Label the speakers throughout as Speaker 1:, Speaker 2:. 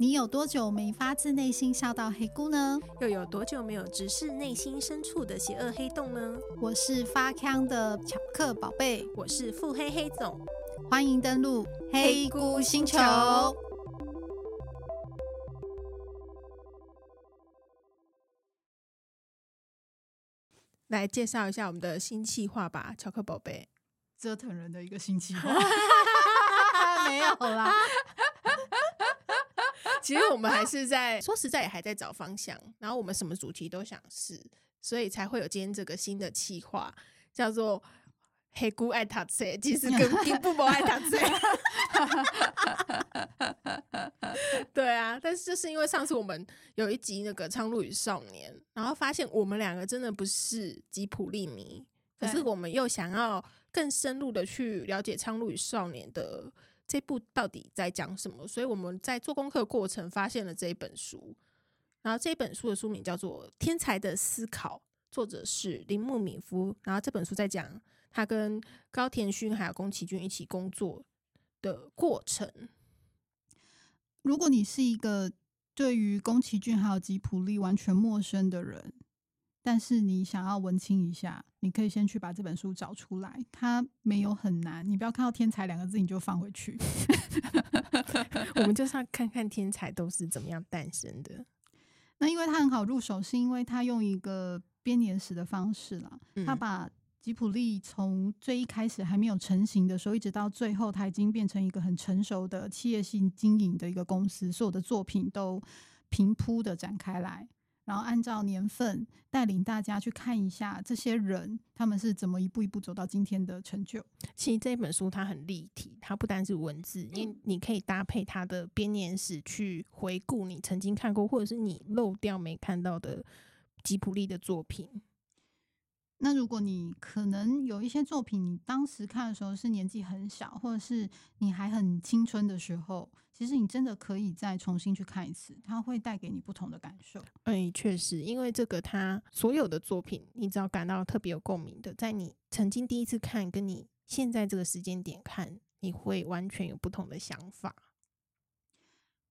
Speaker 1: 你有多久沒發自內心笑到黑菇呢？又有多久沒有直視內心深處的邪惡黑洞呢？我是發腔的巧克寶貝，我是腹黑黑總，歡迎登錄黑菇星球。星
Speaker 2: 球來介紹一下我們的新企劃吧，巧克寶貝，折騰人的一個新企劃， 沒有啦。 其實我們還是在說實在，也還在找方向。然後我們什麼主題都想試，所以才會有今天這個新的企劃，叫做《黑菇愛他誰》，其實跟金《金不寶愛他誰》。對啊，但是就是因為上次我們有一集那個《蒼鷺與少年》，然後發現我們兩個真的不是吉卜力迷，可是我們又想要更深入的去了解《蒼鷺與少年》的。這部到底在講什麼？所以我們在做功課過程發現了這一本書，然後這本書的書名叫做《天才的思考》，作者是鈴木敏夫。然後這本書在講他跟高畑勳、還有宮崎駿一起工作的過程。
Speaker 1: 如果你是一個對於宮崎駿還有吉卜力完全陌生的人，但是你想要文青一下，你可以先去把這本書找出來，它沒有很難。你不要看到“天才”兩個字，你就放回去。
Speaker 2: 我們就是要看看天才都是怎麼樣誕生的。那因為
Speaker 1: 它很好入手，是因為它用一個編年史的方式啦。嗯、他把吉卜力從最一開始還沒有成型的時候，一直到最後，他已經變成一個很成熟的企業性經營的一個公司，所有的作品都平鋪的展開來。然後按照年份帶領大家去看一下這些人，他們是怎麼一
Speaker 2: 步一步走到今天的成就。其實這本書它很立體，它不單是文字，因為你可以搭配它的編年史去回顧你曾經看過或者是你漏掉沒看到的吉卜力的作品。
Speaker 1: 那如果你可能有一些作品，你當時看的時候是年紀很小，或者是你還很青春的時候，其實你真的可以再重新去看一次，它會帶給你不同的感受。
Speaker 2: 哎、嗯，確實，因為這個，它所有的作品，你只要感到特別有共鳴的，在你曾經第一次看，跟你現在這個時間點看，你會完全有不同的想法。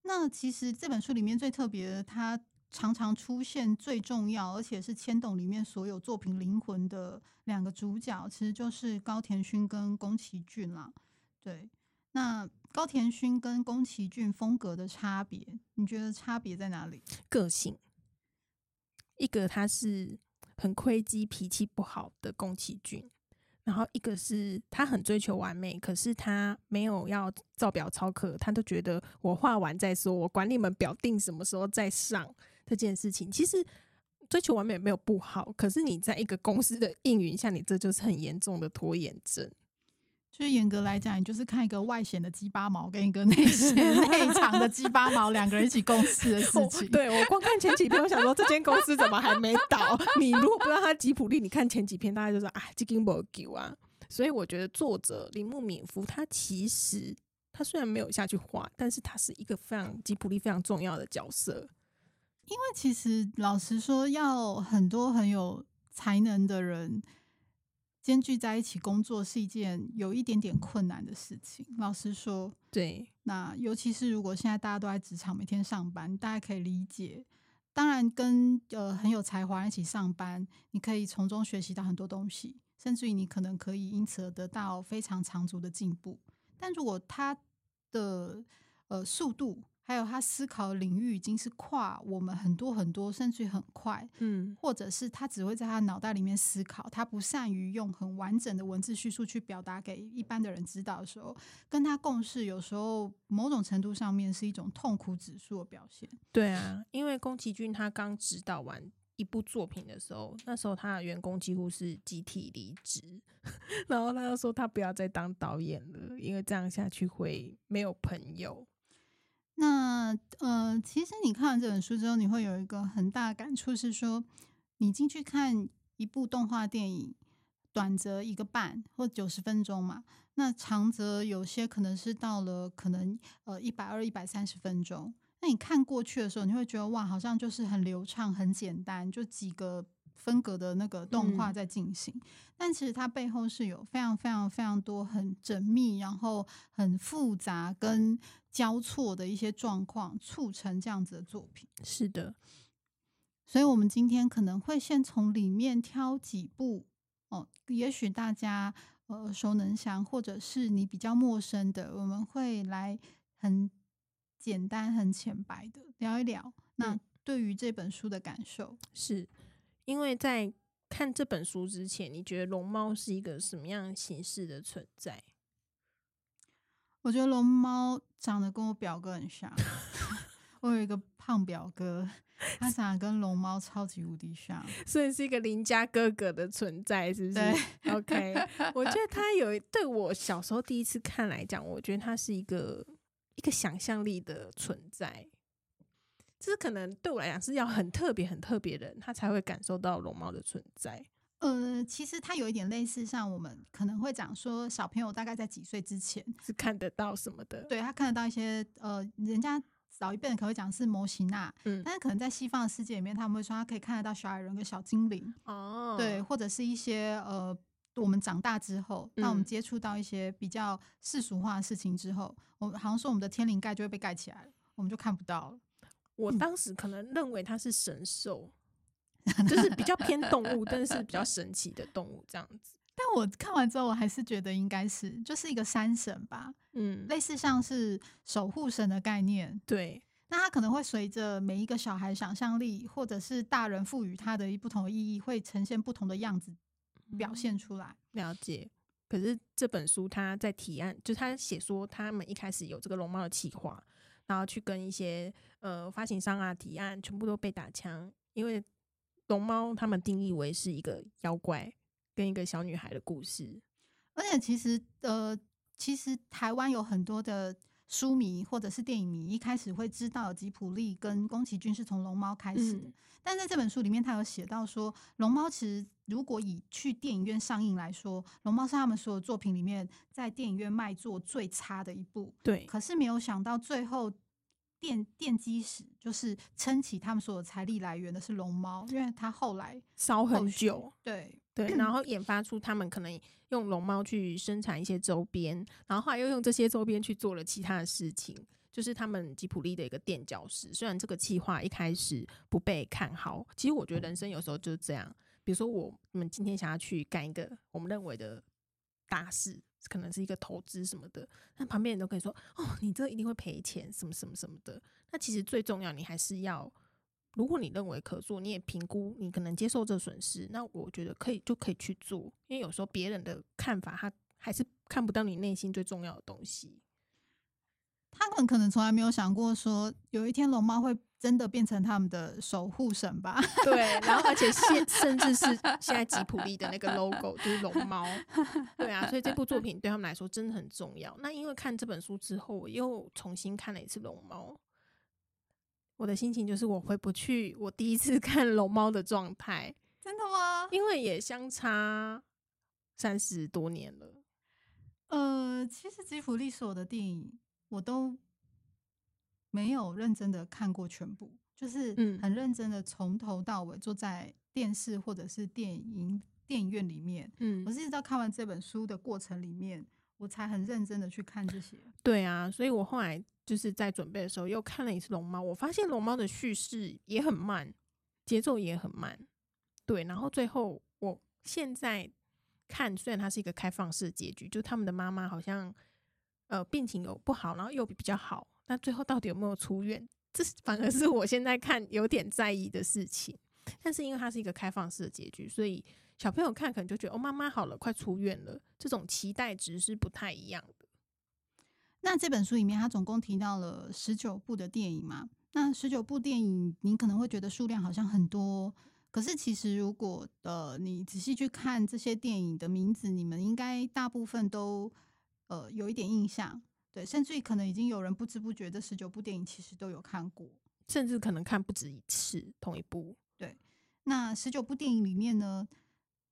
Speaker 1: 那其實這本書裡面最特別的，它。常常出現最重要，而且是牽動裡面所有作品靈魂的兩個主角，其實就是高畑勳跟宮崎駿啦。對，那高畑勳跟宮崎駿風格的差別，你覺得差別在哪裡？
Speaker 2: 個性，一個他是很虧雞、脾氣不好的宮崎駿，然後一個是他很追求完美，可是他沒有要照表操課，他都覺得我畫完再說，我管你們表定什麼時候再上。這件事情其實追求完美沒有不好，可是你在一個公司的應允下，你這就是很嚴重的拖延症。
Speaker 1: 所以嚴格來講，你就是看一個外顯的雞巴毛跟一個內顯內藏
Speaker 2: 的雞巴毛兩個人一起共事的事情。我對我光看前幾篇，我想說 這間公司怎麼還沒倒？ 你如果不知道他吉卜力，你看前幾篇大家就說啊 j i g i b r g 啊。所以我覺得作者鈴木敏夫他其實他雖然沒有下去畫，但是他是一個非常吉卜力非常重要的角色。因為其實
Speaker 1: 老實說，要很多很有才能的人，兼聚在一起工作是一件有一點點困難的事情。老實說，對。那尤其是如果現在大家都在職場每天上班，大家可以理解。當然跟，跟呃很有才華一起上班，你可以從中學習到很多東西，甚至於你可能可以因此而得到非常長足的進步。但如果他的呃速度，還有他思考的領域已經是跨我們很多很多，甚至很快，嗯，或者是他只會在他腦袋裡面思考，他不善於用很完整的文字敘述去表達給一般的人知道的時候，跟他共事有時候某種程度上面是一種痛苦指數的表現。
Speaker 2: 對啊，因為宮崎駿他剛指導完一部作品的時候，那時候他的員工幾乎是集體離職，然後他就說他不要再當導演了，因為這樣下去會沒有朋友。
Speaker 1: 那呃，其實你看完這本書之後，你會有一個很大的感觸，是說你進去看一部動畫電影，短則一個半或九十分鐘嘛，那長則有些可能是到了可能呃一百二、一百三十分鐘。那你看過去的時候，你會覺得哇，好像就是很流暢、很簡單，就幾個。分格的那個動畫在進行，嗯、但其實它背後是有非常非常非常多很縝密，然後很複雜跟交錯的一些狀況促成這樣子的作品。是的，所以我們今天可能會先從裡面挑幾部哦，也許大家耳、呃、熟能詳，或者是你比較陌生的，我們會來很簡單很淺白的聊一聊。嗯、那對於這本書的
Speaker 2: 感受是。因為在看這本書之前，你覺得龍貓是一個什麼樣形式的存在？
Speaker 1: 我覺得龍貓長得跟我表哥很像。 我有一個胖表哥，他長得跟龍貓超級無敵像，
Speaker 2: 所以是一個鄰家哥哥的存在，是不是對？OK，我覺得他有對我小時候第一次看來講，我覺得他是一個一個想象力的存在。這可能對我來講是要很特別、很特別的，他才會感受到龍貓的存在。
Speaker 1: 呃、嗯，其實它有一點類似像，我們可能會講說，小朋友大概在幾歲之前是看得到什麼的。對，他看得到一些呃，人家老一輩人可能會講是魔神仔，嗯，但是可能在西方的世界裡面，他們會說他可以看得到小矮人跟小精靈哦，
Speaker 2: 對，或
Speaker 1: 者是一些呃，我們長大之後，那我們接觸到一些比較世俗化的事情之後，嗯、我們好像說我
Speaker 2: 們的天靈蓋就會被蓋起來，我們就看不到了。我當時可能認為它是神獸，就是比較偏動物，但是比較神奇的動物這樣子。但
Speaker 1: 我看完之後，我還是覺得應該是就是一個山神吧，嗯，類似像是守護神的概念。對，那它可能會隨着每一個小孩想象力，或者是大人賦予它的一不同的意義，會呈現不同的樣子表現出來。嗯，
Speaker 2: 了解。可是這本書，他在提案，就他寫說，他們一開始有這個龍貓的企劃。然後去跟一些呃發行商啊提案，全部都被打槍，因為龍貓他們定義為是一個妖怪跟一個小女孩的故事，
Speaker 1: 而且其實呃其實台灣有很多的。書迷或者是電影迷一開始會知道吉卜力跟宮崎駿是從《龍貓》開始的，但在這本書裡面，他有寫到說，《龍貓》其實如果以去電影院上映來說，《龍貓》是他們所有作品裡面在電影院賣座最差的一部。對，可是沒有想到最後奠奠基石就是撐起他們所有財力來源的是《龍貓》，因為它後來
Speaker 2: 燒很久。對。對，然後研發出他們可能用龍貓去生產一些周邊，然後後來又用這些周邊去做了其他的事情，就是他們吉卜力的一個墊腳石。雖然這個計劃一開始不被看好，其實我覺得人生有時候就是這樣。比如說，我們今天想要去幹一個我們認為的大事，可能是一個投資什麼的，那旁邊人都可以說：“哦，你這一定會賠錢，什麼什麼什麼的。”那其實最重要，你還是要。如果你認為可做，你也評估你可能接受這損失，那我覺得可以，就可以去做。因為有時候別人的看法，他還是看不到你內心最重要的東西。
Speaker 1: 他們可能從來沒有想過說有一天龍貓會真的變成他們的守護神
Speaker 2: 吧？ 對，然後而且現甚至是現在吉卜力的那個 logo 就是龍貓，對啊，所以這部作品對他們來說真的很重要。那因為看這本書之後，我又重新看了一次龍貓。我的心情就是我回不去我第一次看龍貓的狀態。真的嗎？因為也相差三十多年了。呃，其實吉卜力所有的電影我都
Speaker 1: 沒有認真的看過全部，就是很認真的從頭到尾坐在電視或者是電影電影院裡面，嗯，我是一直到看完這本書的過程裡面。我才很認真的去看這些，
Speaker 2: 對啊，所以我後來就是在準備的時候又看了一次《龍貓》，我發現《龍貓》的敘事也很慢，節奏也很慢，對。然後最後我現在看，雖然它是一個開放式的結局，就他們的媽媽好像呃病情有不好，然後又比,比較好，那最後到底有沒有出院，這是反而是我現在看有點在意的事情。但是因為它是一個開放式的結局，所以小朋友看可能就覺得哦，媽媽好了，快出院了。這種期待值是不太一樣的。
Speaker 1: 那這本書裡面，它總共提到了十九部的電影嘛？那十九部電影，你可能會覺得數量好像很多，可是其實如果呃，你仔細去看這些電影的名字，你們應該大部分都呃有一點印象，對，甚至於可能已經有人不知不覺這十九部電影其實都有看過，
Speaker 2: 甚至可能看不止一次同一部。對，
Speaker 1: 那十九部電影裡面呢，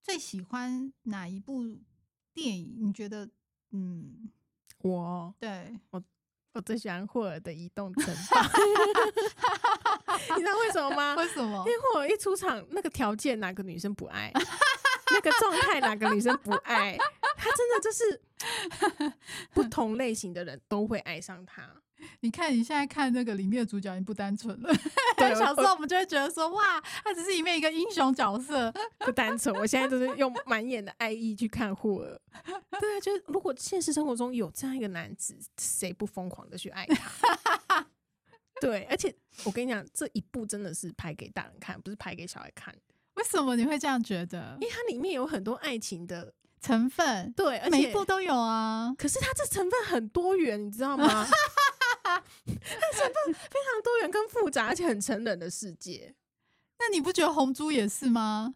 Speaker 1: 最喜歡哪一部
Speaker 2: 電影？你覺得，嗯，我對我我最喜歡霍爾的《移動城堡》，你知道為什麼嗎？為什麼？因為霍爾一出場那個條件，哪個女生不愛？ 那個狀態，哪個女生不愛？ 他真的就是不同類型的人都會愛上他。你看，你現在看那個裡面的主角，已經不單純了。 對，小時候我們就會覺得說，哇，他只是裡面一個英雄角色，不單純。我現在都是用滿眼的愛意去看霍爾。對，就是如果現實生活中有這樣一個男子，誰不瘋狂的去愛他？ 對，而且我跟你講，這一部真的是拍給大人看，不是拍給小孩看。為什麼你會這樣覺得？因為它裡面有很多愛情的。成分對，而且每一部都有啊。可是它這成分很多元，你知道嗎？ 它成分非常多元跟複雜，而且很成人的世界。 那你不覺得紅豬也是嗎？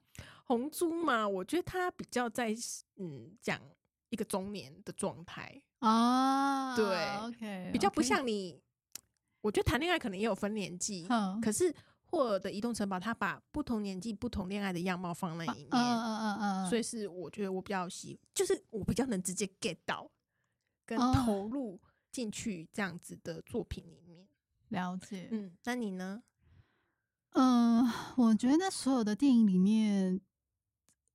Speaker 2: 紅豬嘛，我覺得它比較在嗯講一個中年的狀態啊。對啊，OK，okay，比較不像你。我覺得談戀愛可能也有分年紀，嗯，可是。霍爾的移動城堡，他把不同年紀、不同戀愛的樣貌放在裡面，
Speaker 1: 啊啊啊啊、所以
Speaker 2: 是我覺得我比較喜，就是我比較能直接 get 到，跟投入進去這樣子的作品裡面。啊、了解，嗯，那你呢？嗯、呃，我
Speaker 1: 覺得所有的電影裡面，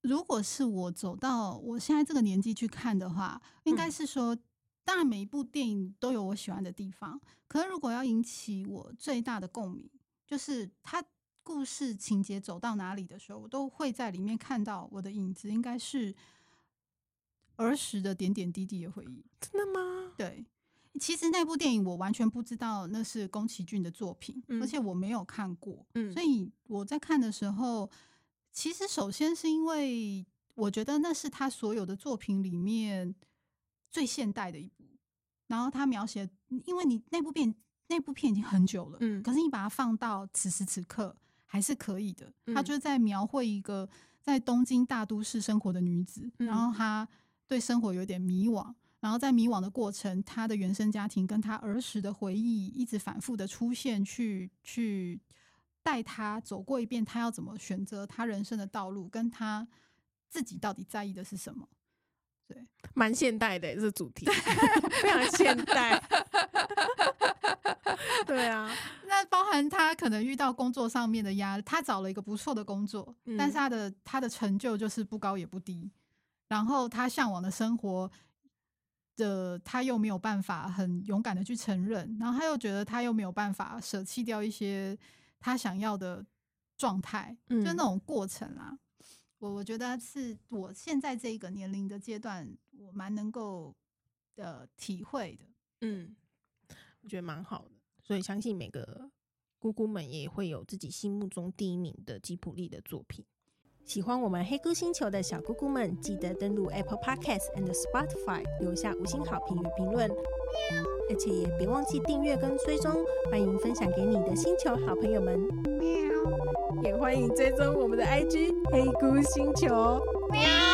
Speaker 1: 如果是我走到我現在這個年紀去看的話，嗯、應該是說，當然每一部電影都有我喜歡的地方，可是如果要引起我最大的共鳴。就是他故事情節走到哪裡的時候，我都會在裡面看到我的影子，應該是兒時的點點滴滴的回憶。真的嗎？對，其實那部電影我完全不知道那是宮崎駿的作品，嗯、而且我沒有看過。嗯、所以我在看的時候，其實首先是因為我覺得那是他所有的作品裡面最現代的一部，然後他描寫，因為你那部電影。那部片已經很久了，可是你把它放到此時此刻還是可以的。他就是在描繪一個在東京大都市生活的女子，嗯，然後她對生活有點迷惘，然後在迷惘的過程，她的原生家庭跟她兒時的回憶一直反覆的出現，去去帶她走過一遍，她要怎麼選擇她人生的道路，跟她自己到底在意的是什麼。
Speaker 2: 蠻對現代的這主題， 非常現代。
Speaker 1: 對啊，那包含他可能遇到工作上面的壓力，他找了一個不錯的工作，嗯、但是他的他的成就就是不高也不低。然後他向往的生活的、呃，他又沒有辦法很勇敢的去承認，然後他又覺得他又沒有辦法捨棄掉一些他想要的狀態，嗯、就那種過程啊。我我覺得是我現在這個年齡的階
Speaker 2: 段，我蠻能夠的、呃、體會的。嗯，我覺得蠻好的，所以相信每個菇菇們也會有自己心目中第一名的吉卜力的作品。喜歡我們黑菇星球的小菇菇們，記得登錄 Apple Podcasts and Spotify，留下五星好評與評論，喵而且也別忘記訂閱跟追蹤，歡迎分享給你的星球好朋友們。也歡迎追蹤我們的 IG 黑菇星球。喵